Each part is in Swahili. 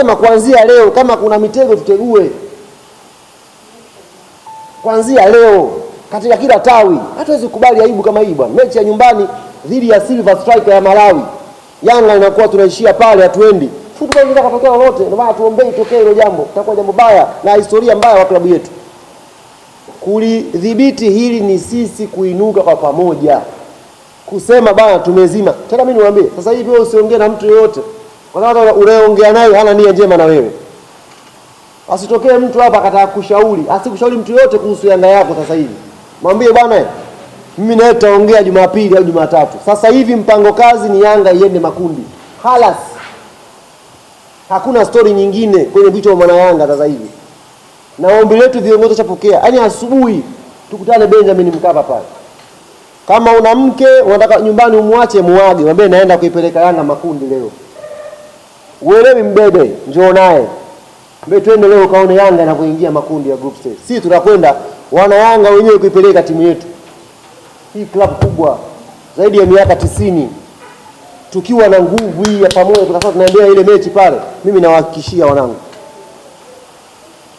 anasema kuanzia leo, kama kuna mitego tutegue kuanzia leo katika kila tawi. Hatuwezi kukubali aibu kama hii bwana. Mechi ya nyumbani dhidi ya Silver Striker ya Malawi, Yanga inakuwa tunaishia pale, hatuendi football. Inaweza kutokea lolote, ndio maana tuombee itokee hilo jambo, itakuwa jambo baya na historia mbaya kwa klabu yetu. Kulidhibiti hili ni sisi kuinuka kwa pamoja, kusema bana, tumezima. Tena mimi niwaambie sasa hivi, wewe usiongee na mtu yoyote kwa Kuna watu unayeongea naye hana nia njema na wewe. Asitokee mtu hapa akataka kushauri, asikushauri mtu yote kuhusu Yanga yako sasa hivi. Mwambie bwana, mimi naye tutaongea Jumapili au Jumatatu. Sasa hivi mpango kazi ni Yanga iende makundi. Halas. Hakuna story nyingine kwenye vichwa vya mwana Yanga sasa hivi. Na ombi letu viongozi chapokea. Yaani asubuhi tukutane Benjamin Mkapa pale. Kama una mke unataka nyumbani umwache muage, mwambie naenda kuipeleka Yanga makundi leo uelewi mbebe, njoo naye mbe twende leo kaone Yanga na kuingia makundi ya group stage. Sisi tunakwenda wana Yanga wenyewe kuipeleka timu yetu hii, klabu kubwa zaidi ya miaka tisini, tukiwa na nguvu hii ya pamoja, tukakuwa tunaendea ile mechi pale. Mimi nawahakikishia wanangu,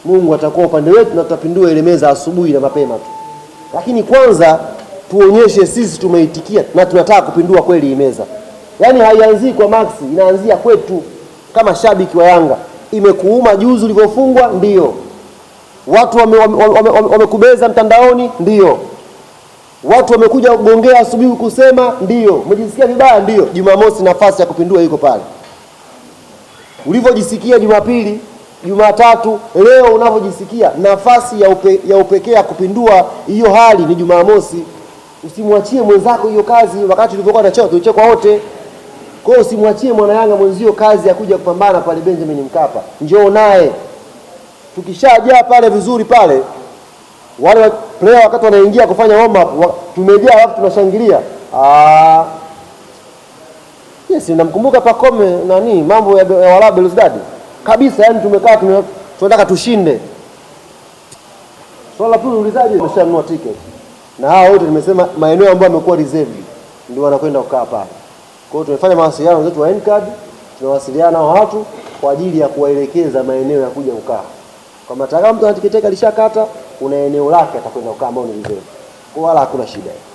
Mungu atakuwa upande wetu na tutapindua ile meza asubuhi na mapema tu, lakini kwanza tuonyeshe sisi tumeitikia na tunataka kupindua kweli hii meza. Yaani haianzii kwa Max, inaanzia kwetu kama shabiki wa Yanga, imekuuma juzi ulivyofungwa? ndio Watu wamekubeza wame, wame, wame mtandaoni? ndio Watu wamekuja kugongea asubuhi kusema? ndio Umejisikia vibaya? ndio Jumamosi nafasi ya kupindua iko pale, ulivyojisikia Jumapili, Jumatatu, leo unavyojisikia, nafasi ya, upe, ya upekee ya kupindua hiyo hali ni Jumamosi. Usimwachie mwenzako hiyo kazi, wakati tulivyokuwa na cheo tulichekwa wote. Kwa hiyo usimwachie mwana Yanga mwenzio kazi ya kuja kupambana pale Benjamin Mkapa, njoo naye. Tukishajaa pale vizuri pale, wale player wakati wanaingia kufanya warm up, tumejaa alafu tunashangilia. Ah, yes, namkumbuka Pakome nani, mambo ya, ya Warabu Belouizdad kabisa, yani tumekaa tunataka tushinde. Swala tu ulizaje, umeshanunua ticket na hao wote nimesema maeneo ambayo amekuwa reserved ndio wanakwenda kukaa pale. Kwa hiyo tumefanya mawasiliano zetu wa NCAD, tunawasiliana na watu kwa ajili ya kuwaelekeza maeneo ya kuja kukaa. Kama tayari mtu anatikiteka alishakata, kuna eneo lake atakwenda kukaa ambao ni vizuri. Kwa hiyo wala hakuna shida.